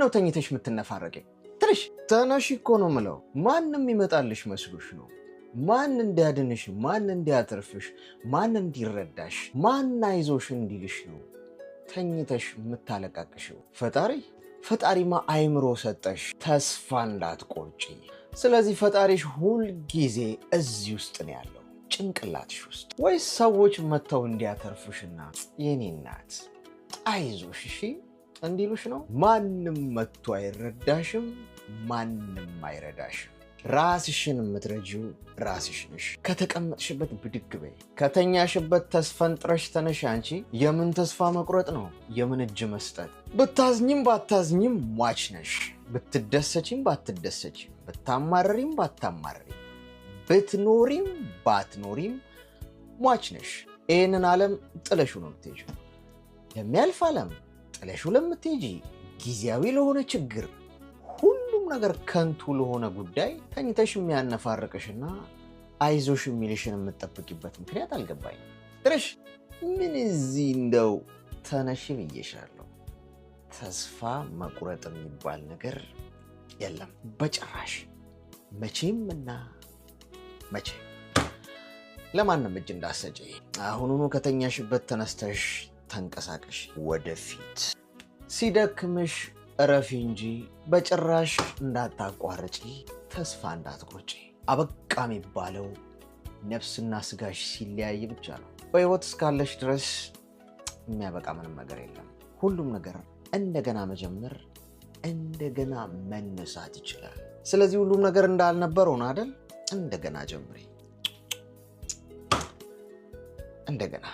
ምንድን ነው ተኝተሽ የምትነፋረቀኝ? ትንሽ ተነሽ እኮ ነው ምለው። ማንም ይመጣልሽ መስሎሽ ነው? ማን እንዲያድንሽ፣ ማን እንዲያትርፍሽ ማን እንዲረዳሽ፣ ማን አይዞሽ እንዲልሽ ነው ተኝተሽ የምታለቃቅሽው? ፈጣሪ ፈጣሪማ አይምሮ ሰጠሽ ተስፋ እንዳትቆርጪ። ስለዚህ ፈጣሪሽ ሁል ጊዜ እዚህ ውስጥ ነው ያለው ጭንቅላትሽ ውስጥ። ወይስ ሰዎች መጥተው እንዲያተርፉሽና የኔ ናት አይዞሽ እሺ እንዲሉሽ ነው። ማንም መጥቶ አይረዳሽም፣ ማንም አይረዳሽም። ራስሽን የምትረጂው ራስሽ ነሽ። ከተቀመጥሽበት ብድግ በይ። ከተኛሽበት ተስፈንጥረሽ ተነሽ። አንቺ የምን ተስፋ መቁረጥ ነው? የምን እጅ መስጠት? ብታዝኝም ባታዝኝም ሟች ነሽ። ብትደሰችም ባትደሰችም፣ ብታማረሪም ባታማረሪም፣ ብትኖሪም ባትኖሪም ሟች ነሽ። ይህንን ዓለም ጥለሹ ነው የምትሄጂው። የሚያልፍ ዓለም ጥለሽው ለምትሄጂ ጊዜያዊ ለሆነ ችግር፣ ሁሉም ነገር ከንቱ ለሆነ ጉዳይ ተኝተሽ የሚያነፋርቅሽና አይዞሽ የሚልሽን የምጠብቂበት ምክንያት አልገባኝ። ጥረሽ ምን እዚህ እንደው ተነሽ ብዬሻለሁ። ተስፋ መቁረጥ የሚባል ነገር የለም በጭራሽ መቼም እና መቼ ለማንም እጅ እንዳሰጪ። አሁኑኑ ከተኛሽበት ተነስተሽ ተንቀሳቀሽ ወደፊት። ሲደክምሽ እረፊ እንጂ በጭራሽ እንዳታቋርጪ፣ ተስፋ እንዳትቆርጪ። አበቃ የሚባለው ነፍስና ስጋሽ ሲለያይ ብቻ ነው። በህይወት እስካለሽ ድረስ የሚያበቃ ምንም ነገር የለም። ሁሉም ነገር እንደገና መጀመር እንደገና መነሳት ይችላል። ስለዚህ ሁሉም ነገር እንዳልነበረው ነው አይደል? እንደገና ጀምሬ እንደገና